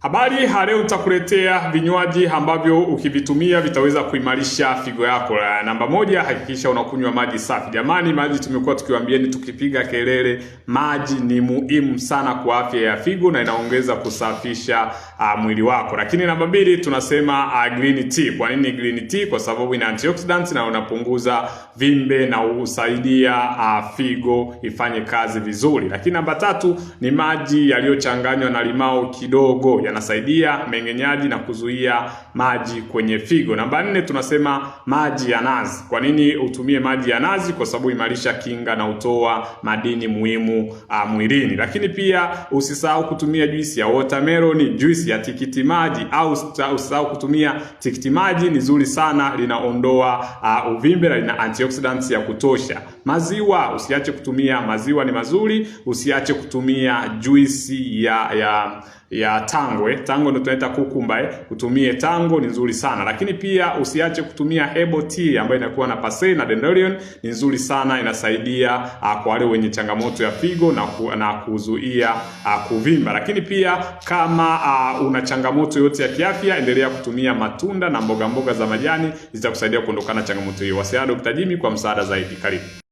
Habari ya leo nitakuletea vinywaji ambavyo ukivitumia vitaweza kuimarisha figo yako. La namba moja, hakikisha unakunywa maji safi. Jamani, maji tumekuwa tukiwaambieni tukipiga kelele, maji ni muhimu sana kwa afya ya figo na inaongeza kusafisha uh, mwili wako. Lakini namba mbili tunasema uh, green tea. Kwa nini green tea? Kwa sababu ina antioxidants na unapunguza vimbe na usaidia uh, ah, figo ifanye kazi vizuri. Lakini namba tatu ni maji yaliyochanganywa na limao kidogo yanasaidia mengenyaji na kuzuia maji kwenye figo. Namba nne tunasema maji ya nazi. Kwa nini utumie maji ya nazi? Kwa sababu imarisha kinga na utoa madini muhimu uh, mwilini. Lakini pia usisahau kutumia juisi ya watermelon, juisi ya tikiti maji au usisahau kutumia tikiti maji, ni zuri sana, linaondoa uh, uvimbe na lina antioxidants ya kutosha. Maziwa usiache kutumia, maziwa ni mazuri, usiache kutumia juisi ya ya ya tango tango eh. Tango ndio tunaita kukumba eh. Utumie tango ni nzuri sana, lakini pia usiache kutumia herbal tea ambayo inakuwa na pasei na dandelion, ni nzuri sana, inasaidia uh, kwa wale wenye changamoto ya figo na, ku, na kuzuia uh, kuvimba. Lakini pia kama uh, una changamoto yote ya kiafya, endelea kutumia matunda na mboga mboga za majani zitakusaidia kuondokana changamoto hiyo. Wasiliana Dr. Jimmy kwa msaada zaidi. Karibu.